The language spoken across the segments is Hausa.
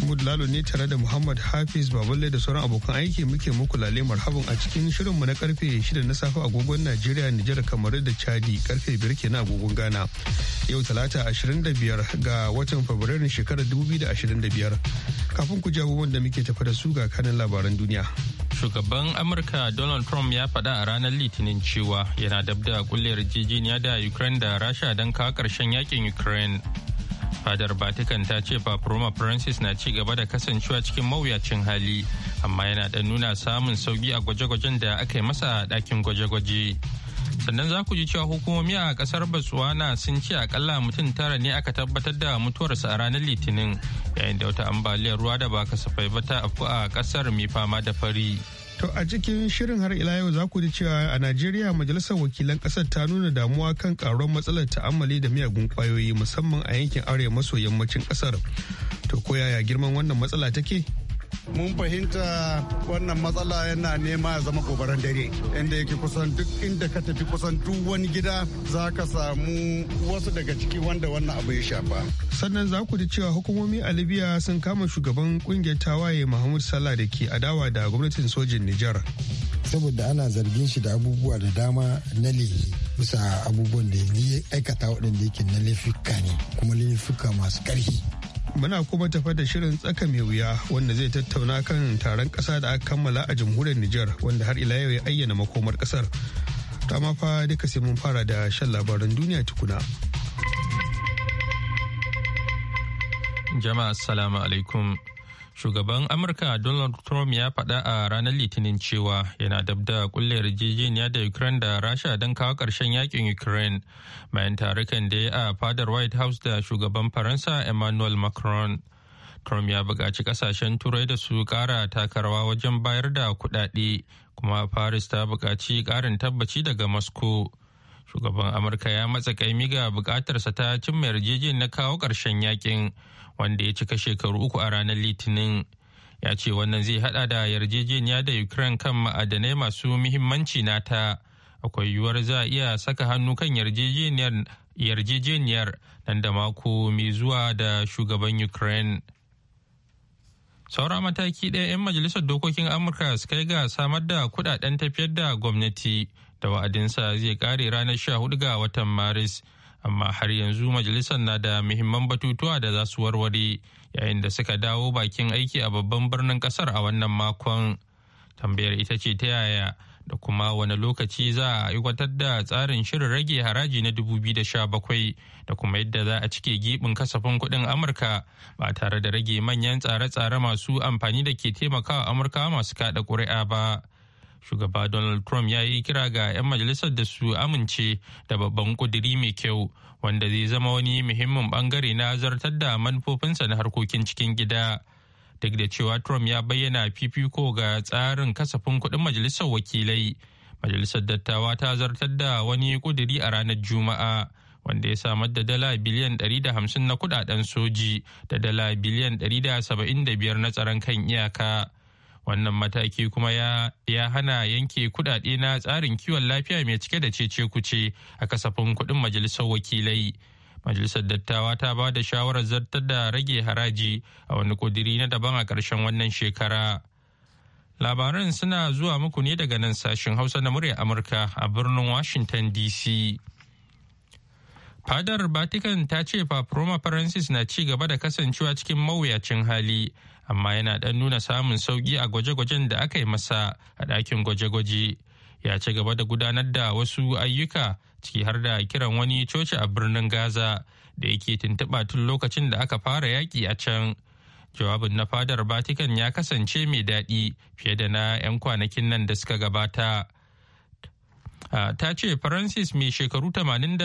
Mahmud Lalo ne tare da Muhammad Hafiz Baballe da sauran abokan aiki muke muku lale marhaban a cikin shirin mu na karfe 6 na safe agogon Najeriya, Nijar, kamar da Chadi karfe 5 na agogon Ghana. Yau Talata 25 ga watan Fabrairu shekarar 2025. Kafin ku ji abubuwan muke tafa da su ga kanin labaran duniya. Shugaban Amurka Donald Trump ya faɗa a ranar Litinin cewa yana dabda kulle yarjejeniya da Ukraine da Rasha don kawo karshen yakin Ukraine. fadar batikan ta ce paproma francis na ci gaba da kasancewa cikin mawuyacin hali amma yana da nuna samun sauki a gwaje-gwajen da aka yi masa a ɗakin gwaje-gwaje sannan za ku ji cewa hukumomi a kasar botswana sun ce akalla mutum tara ne aka tabbatar da mutuwarsa a ranar litinin yayin da wata ambaliyar ruwa da ba kasafai ba ta afku a kasar mai fama da fari To a cikin shirin har ila yau za ku ji cewa a Najeriya majalisar wakilan ƙasar ta nuna damuwa kan ƙaruwar matsalar ta'ammali da miyagun ƙwayoyi musamman a yankin arewa maso yammacin ƙasar. To ko yaya girman wannan matsala take? mun fahimta wannan matsala yana nema ya zama gobaran dare inda yake kusan duk inda ka tafi kusan duk wani gida za ka samu wasu daga ciki wanda wannan abu ya shafa sannan za ku ji cewa hukumomi a libya sun kama shugaban kungiyar tawaye mahmud Sallah da ke adawa da gwamnatin sojin nijar saboda ana zargin shi da abubuwa da dama na laifi bisa abubuwan da ya aikata waɗanda yake na laifuka ne kuma laifuka masu ƙarfi Muna kuma tafa da shirin tsaka mai wuya wanda zai tattauna kan taron ƙasa da aka kammala a jamhuriyar Nijar wanda har ila yau ya ayyana makomar ƙasar. Ta ma fa duka sai mun fara da shan labaran duniya tukuna. Jama'a assalamu alaikum. Shugaban Amurka Donald Trump ya faɗa a ranar Litinin cewa yana dab da kulle yarjejeniya da Ukraine da Rasha don kawo ƙarshen yakin Ukraine bayan tarukan da ya a fadar White House da shugaban Faransa Emmanuel Macron. Trump ya buƙaci ƙasashen Turai da su ƙara takarwa wajen bayar da kuɗaɗe, kuma Paris ta buƙaci ƙarin tabbaci daga Moscow. Shugaban Amurka ya matsa kaimi ga buƙatarsa ta cimma yarjejeniya na kawo ƙarshen yakin. wanda ya cika shekaru uku a ranar litinin ya ce wannan zai hada da yarjejeniya da ukraine kan ma'adanai masu muhimmanci nata akwai yiwuwar za a iya saka hannu kan yarjejeniyar nan da mako mai zuwa da shugaban ukraine saura mataki ɗaya 'yan majalisar dokokin amurka su kai ga samar da kudaden tafiyar da gwamnati da wa'adinsa zai kare ranar 14 ga watan maris amma har yanzu majalisar na da muhimman batutuwa da za su warware yayin da suka dawo bakin aiki a babban birnin kasar a wannan makon tambayar ita ce ta yaya da kuma wani lokaci za a aiwatar da tsarin shirin rage haraji na 2017 da kuma yadda za a cike gibin kasafin kuɗin amurka ba tare da rage manyan tsare-tsare masu amfani da ke taimakawa amurka masu kada ƙuri'a ba shugaba donald trump ya yi kira ga 'yan majalisar da su amince da babban kuduri mai kyau wanda zai zama wani muhimmin bangare na zartar da manufofinsa na harkokin cikin gida duk da cewa trump ya bayyana fifiko ga tsarin kasafin kudin majalisar wakilai majalisar dattawa ta zartar da wani kudiri a ranar juma'a wanda ya samar da dala biliyan 150 na kudaden soji da dala biliyan 175 na tsaron kan iyaka wannan mataki kuma ya, ya hana yanke kudade na tsarin kiwon lafiya mai cike da cece kuce a kasafin kudin majalisar wakilai majalisar dattawa ta ba da shawarar zartar da rage haraji a wani kudiri na daban a ƙarshen wannan shekara labaran suna zuwa muku ne daga nan sashen hausa na murya amurka a birnin washington dc fadar vatican ta ce papa francis na ci gaba da kasancewa cikin mawuyacin hali amma yana ɗan nuna samun sauki a gwaje-gwajen da aka yi masa a ɗakin gwaje-gwaje ya ci gaba da gudanar da wasu ayyuka ciki har da kiran wani coci a birnin gaza da yake tuntuɓa tun lokacin da aka fara yaƙi a can jawabin na fadar vatican ya kasance mai daɗi fiye da na 'yan kwanakin nan da suka gabata ta ce francis mai shekaru 88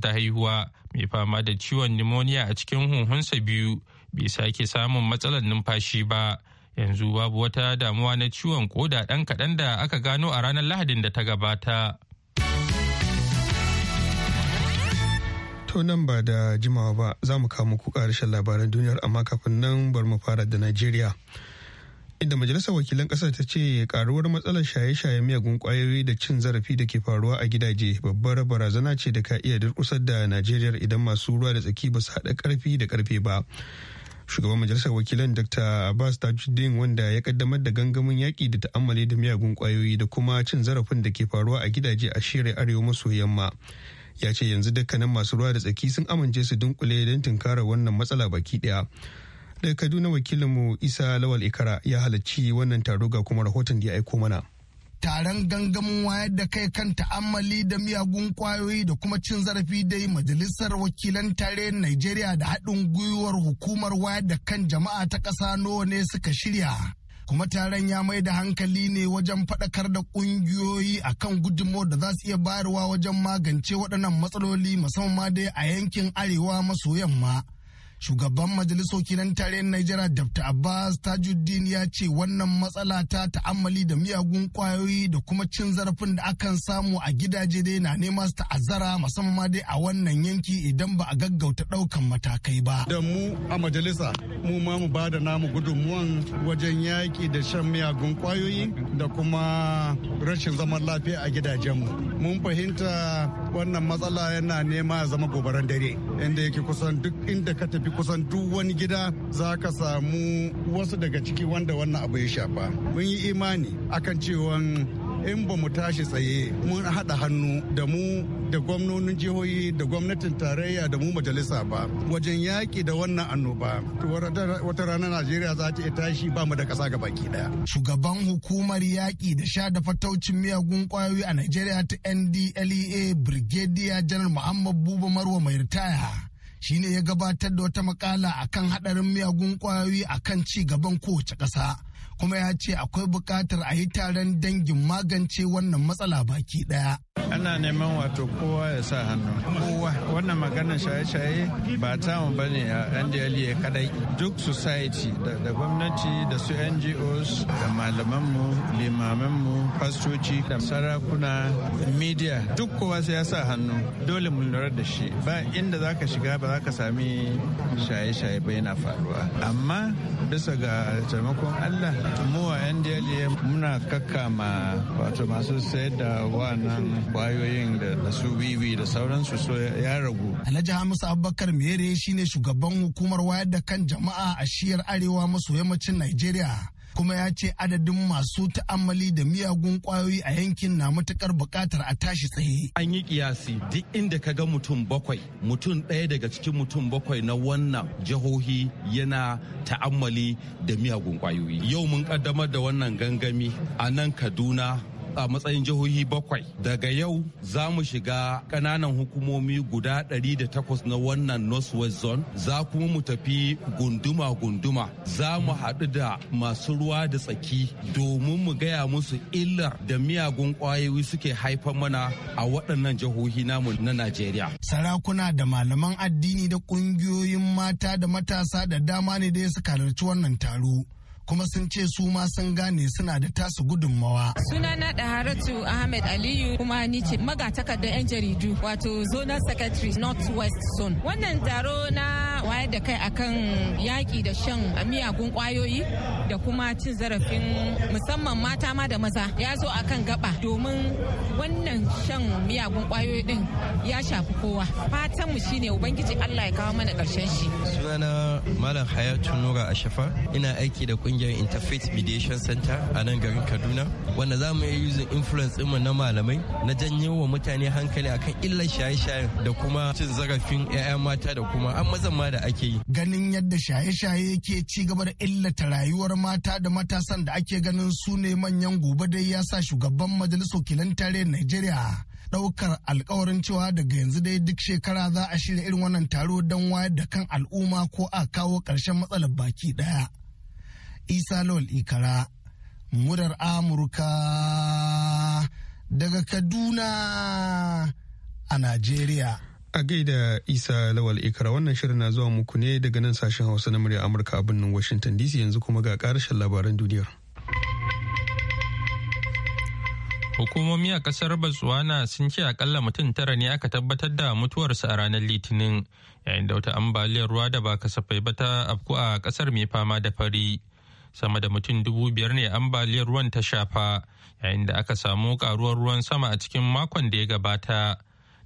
da haihuwa mai fama da ciwon pneumonia a cikin huhunsa biyu bai sake samun matsalar numfashi ba yanzu babu wata damuwa na ciwon koda ɗan kaɗan da aka gano a ranar lahadin da ta gabata. To nan ba da jimawa ba za mu kawo muku ƙarshen labaran duniyar amma kafin nan bar mu fara da Najeriya. Inda majalisar wakilan ƙasar ta ce karuwar matsalar shaye-shaye miyagun kwayoyi da cin zarafi da ke faruwa a gidaje babbar barazana ce da ka iya durkusar da Najeriya idan masu ruwa da tsaki ba su haɗa ƙarfi da ƙarfe ba. shugaban majalisar wakilan dr abbas tajuddin wanda ya kaddamar da gangamin yaƙi da ta'ammali da miyagun ƙwayoyi da kuma cin zarafin da ke faruwa a gidaje a shirin arewa maso yamma ya ce yanzu dukkanin masu ruwa da tsaki sun amince su dunkule don tunkara wannan matsala baki ɗaya daga kaduna wakilinmu isa lawal ikara ya halarci wannan taro ga kuma rahoton da ya aiko mana taron gangamin wayar da kai kan ta'ammali da miyagun kwayoyi da kuma cin zarafi dai majalisar wakilan tarayyar Najeriya da haɗin gwiwar hukumar wayar da kan jama'a ta ƙasa nawa ne suka shirya. Kuma taron ya mai da hankali ne wajen faɗakar da ƙungiyoyi a kan da za su iya bayarwa wajen magance waɗannan matsaloli musamman dai a yankin arewa maso yamma. Shugaban majalisar kinan tarayyar Najeriya Dr. Abbas Tajuddin ya ce wannan matsala ta ta'ammali da miyagun kwayoyi da kuma cin zarafin da akan samu a gidaje dai na nema su ta'azzara musamman dai a wannan yanki idan ba a gaggauta ɗaukan matakai ba. Da mu a majalisa mu ma mu ba da namu gudunmuwan wajen yaki da shan miyagun kwayoyi da kuma rashin zaman lafiya a gidajenmu. Mun fahimta wannan matsala yana nema ya zama gobaran dare inda yake kusan duk inda ka tafi kusan duk wani gida za ka samu wasu daga ciki wanda wannan abu ya shafa mun yi imani akan cewa in ba mu tashi tsaye mun haɗa hannu da mu da gwamnonin jihohi da gwamnatin tarayya da mu majalisa ba wajen yaƙi da wannan annoba wata rana najeriya za ta iya tashi ba mu da ƙasa ga baki daya. shugaban hukumar yaƙi da sha da fataucin miyagun ƙwayoyi a najeriya ta ndlea brigadier janar muhammad buba marwa mai ritaya ne ya gabatar da wata makala akan haɗarin miyagun ƙwayoyi akan ci gaban kowace ƙasa. kuma ya ce akwai bukatar a yi taron dangin magance wannan matsala baki ɗaya. ana neman wato kowa ya sa hannu kowa wannan maganar shaye-shaye ba mu ba ne a ndla kadai duk society da gwamnati da su ngos da malamanmu limamanmu fastoci da sarakuna media duk kowa sai ya sa hannu dole mu lura da shi ba inda za ka shiga ba za ka sami shaye-shaye ba yana faruwa amma bisa ga taimakon allah mu a ndla muna kakama wato masu sayar da wannan kwayoyin da su wiwi da sauransu so ya ragu alhaji hamisu abubakar mere shine shugaban hukumar wayar da kan jama'a a shiyar arewa maso yammacin nigeria kuma ya ce adadin masu ta'ammali da miyagun kwayoyi a yankin na matukar bukatar a tashi tsaye. An yi kiyasi duk inda ka ga mutum bakwai, mutum ɗaya daga cikin mutum bakwai na wannan jihohi yana ta'ammali da miyagun kwayoyi. Yau mun kaddamar da wannan gangami a nan Kaduna a matsayin jihohi bakwai daga yau za mu shiga kananan hukumomi guda 108 na wannan northwest zone za kuma mu tafi gunduma-gunduma za mu haɗu da masu ruwa da tsaki domin mu gaya musu illar da miyagun ƙwayoyi suke haifar mana a waɗannan jihohi namu na najeriya sarakuna da malaman addini da ƙungiyoyin mata da matasa da dama ne da suka halarci wannan taro kuma sun ce su ma sun gane suna da tasu gudunmawa. Sunana da Haratu Ahmed Aliyu kuma ni ce magatakardar 'yan jaridu wato zonal secretary north west zone. Wannan taro na wayar da kai akan yaƙi da shan miyagun ƙwayoyi da kuma cin zarafin musamman mata ma da maza ya zo akan gaba domin wannan shan miyagun ƙwayoyi din ya shafi kowa fatan mu shine ubangiji Allah ya kawo mana ƙarshen shi sunana malam hayatu nura ashafa ina aiki da kungiyar interfaith mediation center a nan garin kaduna wanda za mu iya using influence ɗinmu na malamai na janye wa mutane hankali akan illar shaye-shayen da kuma cin zarafin 'ya'yan mata da kuma an mazan ma da ake yi. Ganin yadda shaye-shaye ke ci gaba da illata rayuwar mata da matasan da ake ganin su ne manyan gobe dai ya sa shugaban majalisar wakilan tarayyar Najeriya ɗaukar alkawarin cewa daga yanzu dai duk shekara za a shirya irin wannan taro don wayar da kan al'umma ko a kawo ƙarshen matsalar baki ɗaya. Isa Lawal Ikara, murar Amurka daga Kaduna a Najeriya. A gaida Isa Lawal Ikara wannan shirin na zuwa muku ne daga nan sashen Hausa na murya Amurka a birnin Washington DC yanzu kuma ga karshen labaran duniyar. Hukumomi a kasar Botswana sun ce akalla mutum tara ne aka tabbatar da mutuwarsa a ranar Litinin yayin da wata ambaliyar ruwa da ba kasafai ba ta afku a kasar mai fama da fari. Sama da mutum dubu biyar ne ambaliyar ruwan ta shafa yayin da aka samu karuwar ruwan sama a cikin makon da ya gabata.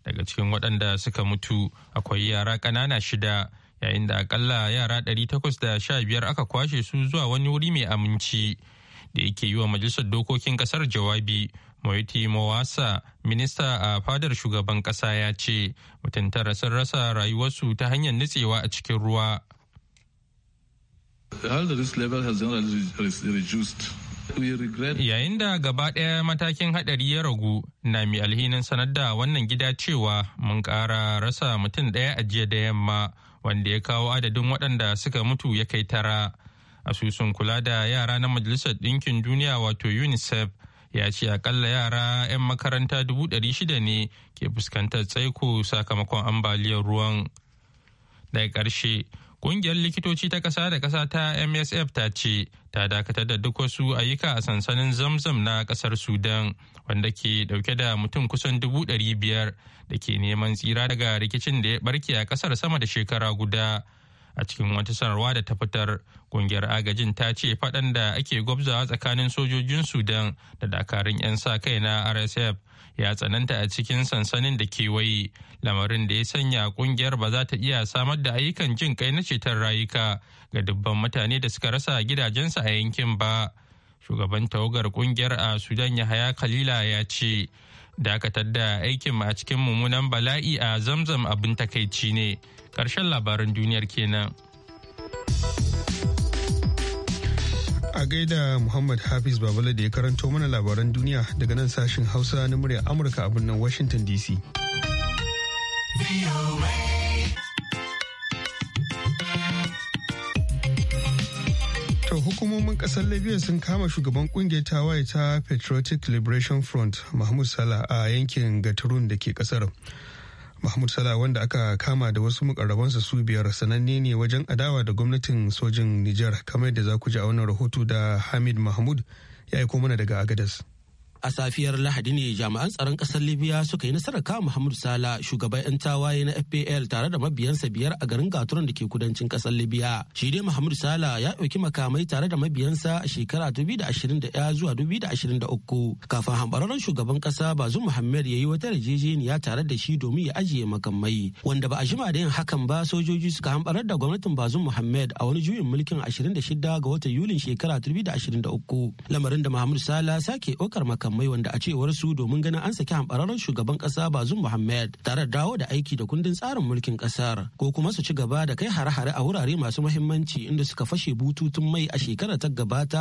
daga cikin waɗanda suka mutu akwai yara ƙanana shida yayin da akalla yara ɗari takwas da sha biyar aka kwashe su zuwa wani wuri mai aminci da yake yi wa majalisar dokokin ƙasar jawabi moiti mawasa minista a fadar shugaban ƙasa ya ce mutuntar sun rasa rayuwarsu ta hanyar nutsewa a cikin ruwa Yayin da gaba ɗaya matakin haɗari ya ragu, na mi alhinin sanar da wannan gida cewa mun ƙara rasa mutum ɗaya a jiya da yamma wanda ya kawo adadin waɗanda suka mutu ya kai tara. Asusun kula da yara na Majalisar Ɗinkin Duniya wato UNICEF ya ce akalla yara 'yan makaranta dubu ɗari shida ne ke fuskantar tsaiko sakamakon ambaliyar ruwan. Daga ƙarshe, Ƙungiyar likitoci ta ƙasa da ƙasa ta MSF ta ce ta dakatar da duk wasu ayyuka a sansanin zamzam na ƙasar Sudan wanda ke ɗauke da mutum kusan dubu ɗari biyar da ke neman tsira daga rikicin da ya barke a ƙasar sama da shekara guda. a cikin wata sanarwa da ta fitar kungiyar agajin ta ce faɗan da ake gwabzawa tsakanin sojojin sudan da dakarun 'yan sa kai na rsf ya tsananta a cikin sansanin da kewaye lamarin da ya sanya kungiyar ba za ta iya samar da ayyukan jin kai na ceton rayuka ga dubban mutane da suka rasa gidajensu a yankin ba shugaban tawagar kungiyar a sudan yahaya khalila ya ce dakatar da aikin a cikin mummunan bala'i a zamzam abin takaici ne Ƙarshen labaran duniyar kenan. A gaida Muhammad Hafiz Babala da ya karanto mana labaran duniya daga nan sashen Hausa na murya Amurka a birnin Washington DC. To hukumomin kasar Libya sun kama shugaban kungiyar tawaye ta Patriotic Liberation Front Mahmud Salah a yankin Gatarun da ke kasar. mahmud sala wanda aka kama da wasu mukarrabansa su biyar sananne ne wajen adawa da gwamnatin sojin nijar kamar da za ku ji a wannan rahoto da hamid mahmud ya yi mana daga agadas. A safiyar Lahadi ne jami'an tsaron ƙasar Libya suka yi nasarar kawo Muhammad Sala shugaban 'yan tawaye na FPL tare da mabiyansa biyar a garin Gaturan da ke kudancin ƙasar Libya. Shi dai Muhammad Sala ya ɗauki makamai tare da mabiyansa a shekara 2021 zuwa 2023 kafin hambararren shugaban ƙasa bazu Muhammad ya yi wata yarjejeniya tare da shi domin ya ajiye makamai wanda ba a jima da yin hakan ba sojoji suka hambarar da gwamnatin bazu Muhammad a wani juyin mulkin 26 ga watan Yulin shekara 2023 lamarin da Muhammad Sala sake ɗaukar makamai makamai wanda a cewar su domin ganin an saki hambararren shugaban kasa bazum muhammad tare da dawo da aiki da kundin tsarin mulkin kasar ko kuma su ci gaba da kai hare-hare a wurare masu muhimmanci inda suka fashe bututun mai a shekarar ta gabata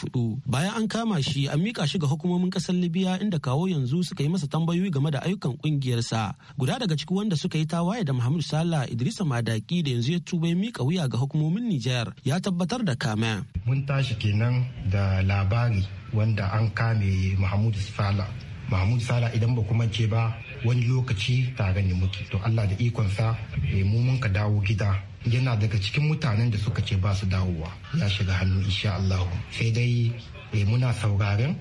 hudu bayan an kama shi an mika shi ga hukumomin kasar libya inda kawo yanzu suka yi masa tambayoyi game da ayyukan kungiyarsa guda daga ciki wanda suka yi tawaye da muhammad salah idrisa madaki da yanzu ya tuba ya mika wuya ga hukumomin niger ya tabbatar da kama mun tashi kenan da labari wanda an kame mahmud sala mahmud sala idan ba kuma ce ba wani lokaci tare ne muke to allah da ikonsa eh, mu mun ka dawo gida yana daga cikin mutanen da suka ce ba su dawowa ya shiga hannu insha allahu sai dai eh, muna sauraren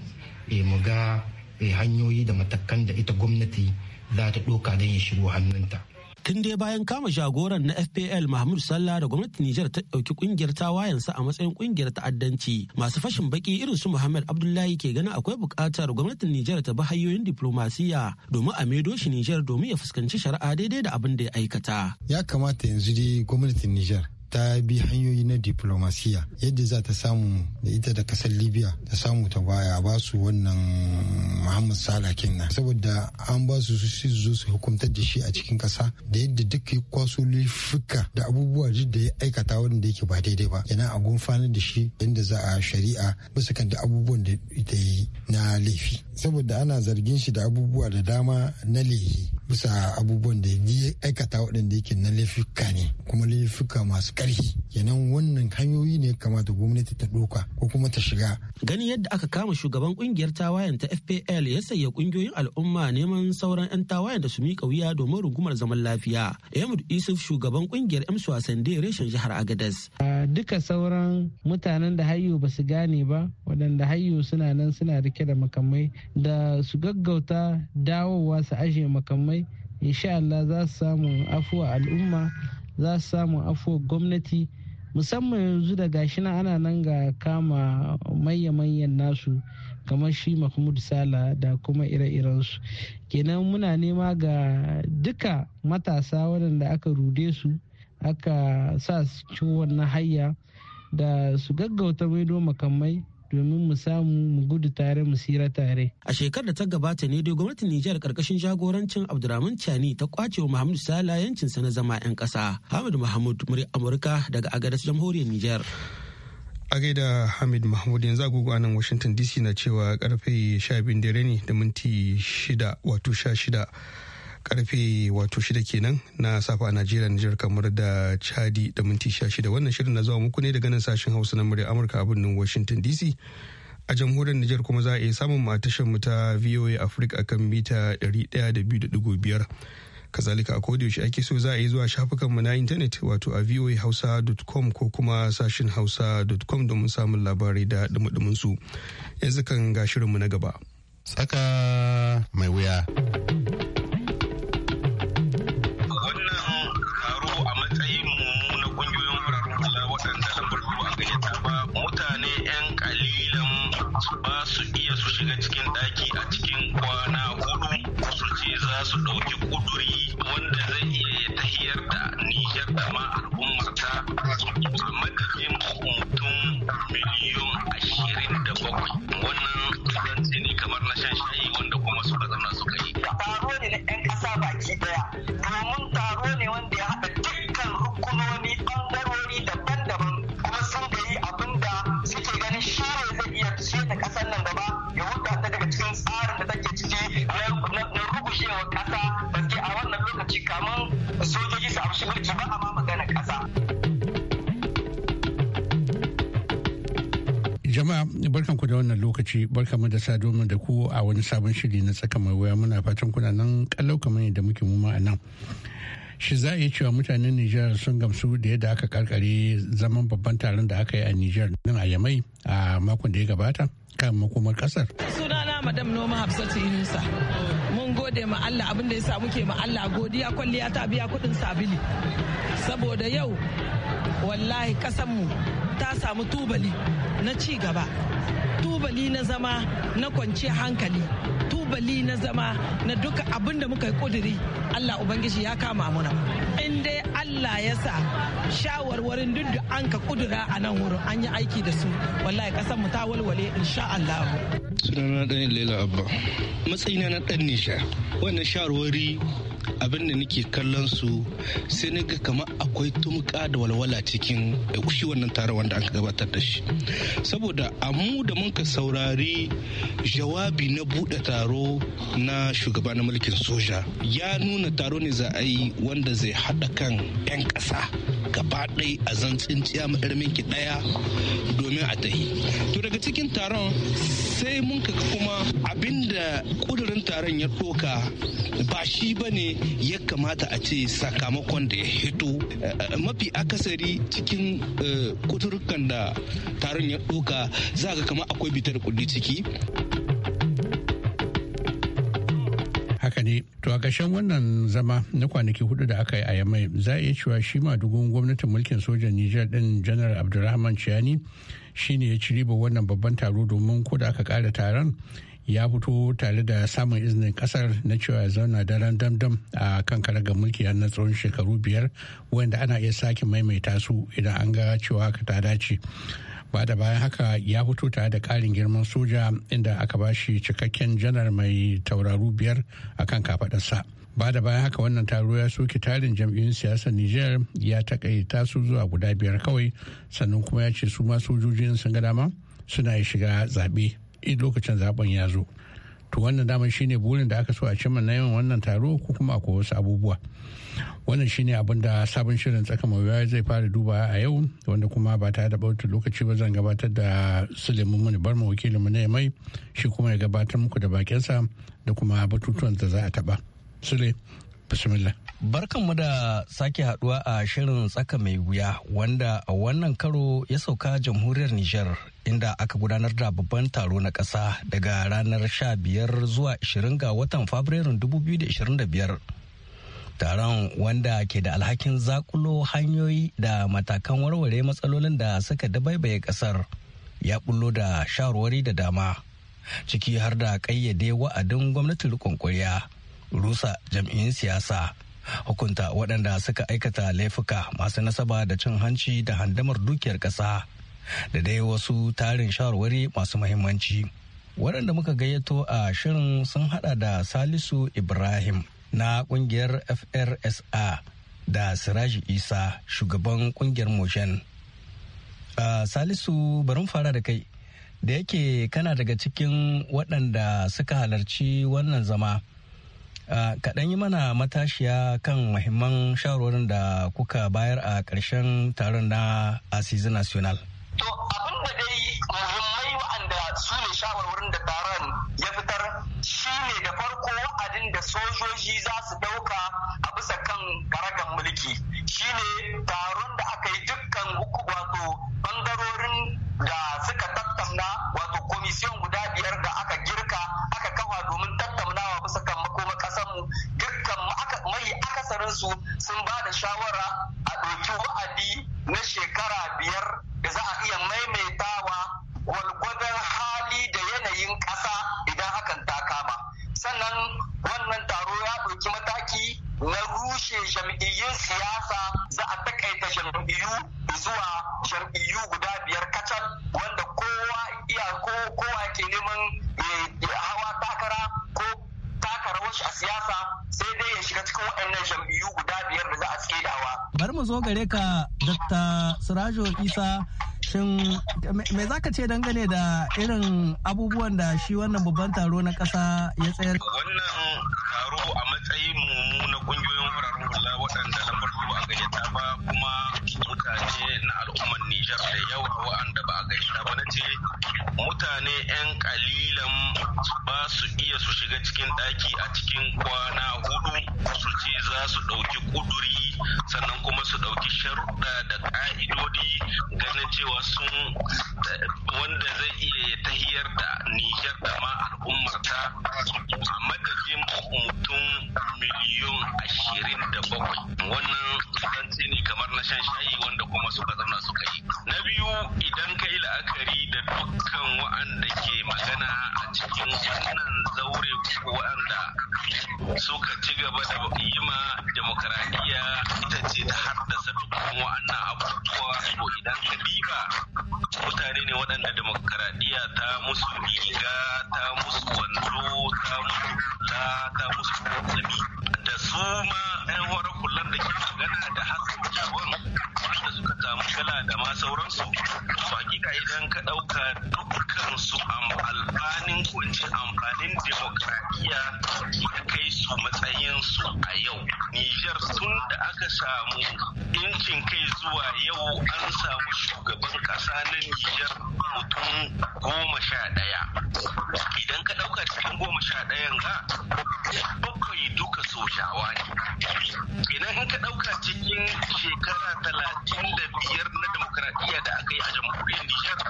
eh, mu ga hanyoyi da matakan da ita gwamnati za ta ɗoka don ya shigo hannunta tun dai bayan kama jagoran na fpl mahmud sallah da gwamnatin nijar ta ɗauki ƙungiyar tawayensa a matsayin ƙungiyar ta'addanci masu fashin baki irin su muhammad abdullahi ke ganin akwai buƙatar gwamnatin nijar ta bi hanyoyin diplomasiya domin a maido shi nijar domin ya fuskanci shari'a daidai da abin da ya aikata ya kamata yanzu dai gwamnatin nijar ta bi hanyoyi na diplomasiya yadda za ta samu da ita da kasar libya ta samu ta baya ba su wannan muhammad sala kenan saboda an ba su su zo su hukuntar da shi a cikin kasa da yadda duk ya kwaso laifuka da abubuwa duk da ya aikata wanda yake ba daidai ba yana a gunfanar da shi yadda za a shari'a bisa kan da abubuwan da ita yi na laifi saboda ana zargin shi da abubuwa da dama na laifi bisa abubuwan da ya aikata waɗanda yake na laifuka ne kuma laifuka masu ƙarfi kenan wannan hanyoyi ne kamata gwamnati ta ɗoka ko kuma ta shiga. Ganin yadda aka kama shugaban ƙungiyar tawayen ta FPL ya sayya ƙungiyoyin al'umma neman sauran 'yan tawayen da su miƙa wuya domin rungumar zaman lafiya. Ahmad Isuf shugaban ƙungiyar M Swasande reshen jihar Agadez. Duka sauran mutanen da hayo ba su gane ba waɗanda hayo suna nan suna rike da makamai da su gaggauta dawowa su ajiye makamai insha Allah za su samu afuwa al'umma za su samu afuwa gwamnati musamman yanzu da gashi na ana nan ga kama manya-manyan nasu kamar shi mahmud sala da kuma ire-irensu kenan muna nema ga duka matasa waɗanda aka rude su aka sa cikin wannan hayya da su gaggauta maido makamai domin mu samu mu gudu tare mu sira tare. A shekarar da ta gabata ne dai gwamnatin Nijar karkashin jagorancin abdulrahman Chani ta kwace wa Muhammadu Sala sa na zama 'yan ƙasa. Hamid Mahmud murya Amurka daga Agadas Jamhuriyar Nijar. a gaida hamid mahmud yanzu agogo a nan washington dc na cewa karfe 12 dare ne da minti 6 wato 16 karfe wato shida kenan na safa a najeriya nijar kamar da chadi da minti sha shida wannan shirin na zuwa muku ne daga nan sashen hausa na murya amurka a birnin washington dc a jamhuriyar nijar kuma za a iya samun tashan mu ta voa africa akan mita 102.5 kazalika a yaushe ake so za a yi zuwa shafukan mu na intanet wato a voahausa.com ko kuma sashin hausa.com domin samun labarai da dumudumin su yanzu kan ga shirin mu na gaba Saka mai wuya da wannan lokaci barka mu da sa domin da ku a wani sabon shiri na tsaka mai waya muna fatan kuna nan kallau kamar yadda muke mu a nan. Shi za a yi cewa mutanen Nijar sun gamsu da yadda aka karkare zaman babban taron da aka yi a Nijar nan a Yamai a makon da ya gabata kan makomar kasar. Sunana Madam Noma Hafsatu Yunusa. Mun gode ma Allah abin da ya sa muke ma Allah godiya kwalliya ta biya kuɗin sabili. Saboda yau wallahi kasanmu ta samu tubali na ci gaba tubali na zama na kwanci hankali tubali na zama na duka abin da muka yi kuduri allah ubangiji ya kama muna in dai allah ya sa shawarwarin duk da an ka kudura a nan wurin an yi aiki da su wallahi kasan mu ta walwale insha allah sunana dan lela abba matsayina na dan nisha wannan shawarwari abin da nake kallon su sai na ga kamar akwai tumka da walwala cikin shi wannan taron wanda aka gabatar da shi saboda amu da mun ka saurari jawabi na buɗe taro na shugaba na mulkin soja ya nuna taro ne za a yi wanda zai haɗa kan 'yan ƙasa gaba ɗaya a zantsin ciya ɗaya domin a tahi to daga cikin taron sai mun kaka kuma abinda kudurin taron ya doka ba shi ba ne ya kamata a ce sakamakon da ya hito eh, mafi akasari cikin kuturukan eh, da taron ya doka za ga kama akwai bitar kudi ciki haka ne to a ƙarshen wannan zama na kwanaki hudu da aka yi a yamai za a iya cewa shi madugun gwamnatin mulkin sojan nijar din janar abdulrahman chiani shine ya ci riba wannan babban taro domin ko da aka kara taron ya fito tare da samun izinin kasar na cewa ya zauna daren damdam a kan karagar mulki na tsawon shekaru biyar wanda ana iya sake maimaita su idan an ga cewa haka ta dace ba da bayan haka ya fito tare da karin girman soja inda aka bashi cikakken janar mai tauraru biyar a kan kafaɗarsa. ba da bayan haka wannan taro ya soke tarin jam'iyyun siyasar niger ya takaita su zuwa guda biyar kawai sannan kuma ya ce su ma sojojin sun ga dama suna yi shiga zaɓe in lokacin zaben ya zo to wannan damar shine burin da aka so a cimma na yin wannan taro ko kuma akwai wasu abubuwa wannan shine abin da sabon shirin tsaka mawuya zai fara duba a yau wanda kuma ba ta da bautar lokaci ba zan gabatar da sulemin muni wakilin mu na mai shi kuma ya gabatar muku da bakinsa da kuma batutuwan da za a taba. Sule, bismillah. Barkanmu da sake haduwa a shirin tsaka mai wuya wanda a wannan karo ya sauka jamhuriyar Nijar inda aka gudanar da babban taro na ƙasa daga ranar 15 zuwa 20 ga watan Fabrairun 2025. Taron wanda ke da alhakin zakulo hanyoyi da matakan warware matsalolin da suka dabaibaye ƙasar ya bullo da shawarwari da dama ciki har da ƙayyade wa'adin gwamnatin riƙon ƙwarya. rusa jam'in siyasa hukunta waɗanda suka aikata laifuka masu nasaba da cin hanci da handamar dukiyar ƙasa da dai wasu tarin shawarwari masu mahimmanci waɗanda muka gayyato a shirin sun hada da salisu ibrahim na ƙungiyar frsa da siraji isa shugaban ƙungiyar motion salisu barin fara da kai da yake kana daga cikin waɗanda suka halarci wannan zama kaɗan yi mana matashiya kan mahimman shawarwarin da kuka bayar a ƙarshen taron na asisi national to abin da dai muhimmai wa'anda su ne shawarwarin da taron ya fitar shi ne da farko wa'adin da sojoji za su ɗauka a bisa kan karagan mulki shi ne taron da su sun ba da shawara a ɗauki wa'adi na shekara biyar da za a iya gare ka Dr. Sirajo Isa shin me zaka ce dangane da irin abubuwan da shi wannan babban taro na kasa ya tsayar? da aka samu incin kai zuwa yau an samu shugaban ƙasa na Nijar mutum goma sha ɗaya. Idan ka ɗauka cikin goma sha ɗayan ga bakwai duka sojawa ne. Idan in ka ɗauka cikin shekara talatin da biyar na demokradiyya da aka yi a jamhuriyar Nijar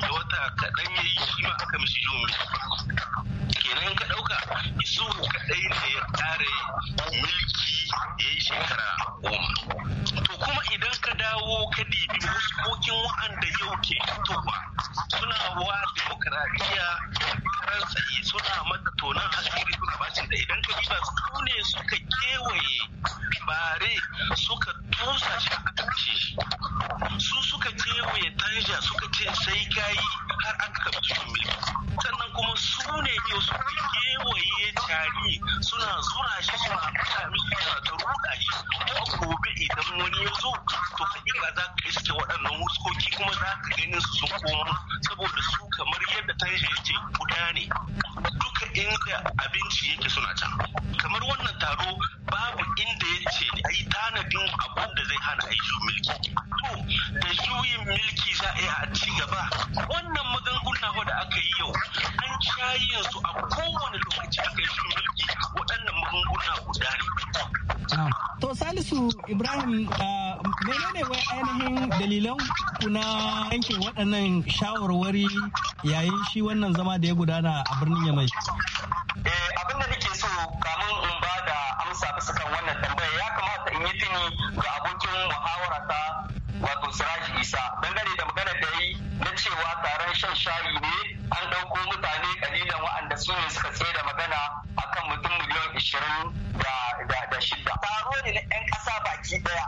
da wata kaɗan ya yi shi ma aka mishi jomi kenan ka ɗauka isu kaɗai ne ya ƙare mulki ya yi shekara goma to kuma idan ka dawo ka dibi muskokin wa'anda yau ke fitowa suna wa demokradiyya karan suna mata tonan asiri suna ba da idan ka diba su ne suka kewaye bare suka tusa shi a ƙarshe su suka kewaye tanja suka ce sai kayi har aka kafa shi sannan kuma su ne yau suka kewaye tari suna zura shi suna kasa mishi suna ruɗa shi ko gobe idan wani ya zo to hakika za ka iske waɗannan wuskoki kuma za ka ganin su sun komo saboda su kamar yadda tanja ya ce guda ne duka inda abinci yake suna can kamar wannan taro babu inda ya ce ai tanadin abun da zai hana aiki mulki milki to da juyin milki za a iya a ci gaba Ibrahim uh, menene wai ainihin dalilan kuna yanke waɗannan shawarwari yayin shi wannan zama da ya gudana a birnin Yamai? baki daya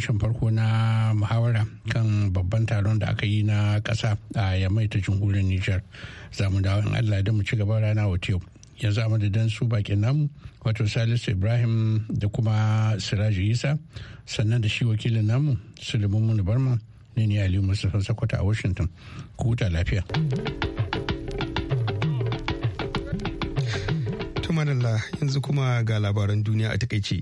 kashin farko na muhawara kan babban taron da aka yi na kasa a yamai ta jamhuriyar Nijar. zamu mu dawo in Allah da mu ci gaba rana wata yau. Yanzu a dan su bakin namu wato Salisu Ibrahim da kuma Siraju Isa sannan da shi wakilin namu Suleiman Munu Barma ne ne Aliyu Mustapha Sokoto a Washington. Ku huta lafiya. Tumanin yanzu kuma ga labaran duniya a takaice.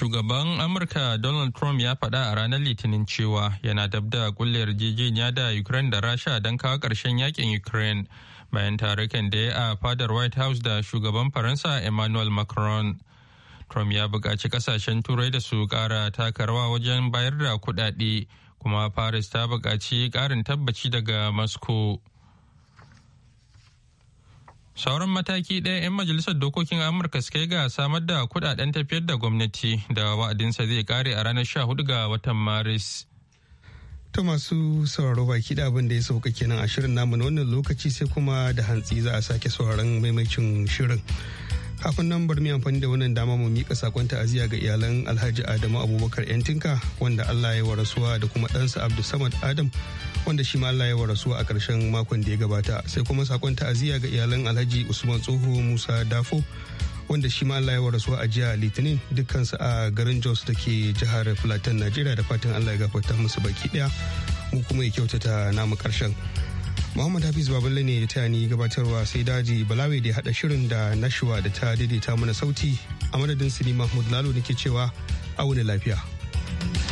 Shugaban Amurka Donald Trump ya faɗa a ranar Litinin cewa yana dab da kulle yarjejeniya da Ukraine da Rasha don kawo ƙarshen yakin Ukraine bayan tarukan da ya a fadar White House da shugaban Faransa Emmanuel Macron. Trump ya buƙaci ƙasashen Turai da su ƙara takarwa wajen bayar da kuɗaɗe, kuma Paris ta buƙaci ƙarin tabbaci daga Moscow. sauran mataki ɗaya 'yan majalisar dokokin amurka suka ga samar da kudaden tafiyar da gwamnati da wa'adinsa zai kare a ranar 14 ga watan maris ta masu sauraro baki da abin da ya sauka kenan a shirin namu na wannan lokaci sai kuma da hantsi za a sake sauraron maimacin shirin kafin nan bar mu amfani da wannan dama mu mika sakon ta'aziyya ga iyalan Alhaji Adamu Abubakar Yantinka wanda Allah ya warasuwa da kuma ɗansa Abdul Samad Adam wanda shi ma Allah ya warasuwa a ƙarshen makon da ya gabata sai kuma sakon ta'aziyya ga iyalan Alhaji Usman Tsoho Musa Dafo wanda shi ma Allah ya warasuwa a jiya Litinin dukkansu a garin Jos da ke jihar Plateau Najeriya da fatan Allah ya gafarta musu baki daya mu kuma ya kyautata namu ƙarshen. Muhammad Hafiz Baballe ne ta taya ni gabatarwa sai daji Balawe da haɗa shirin da Nashwa da ta daidaita mana sauti a madadin Sini Mahmud Lalo nake cewa a lafiya.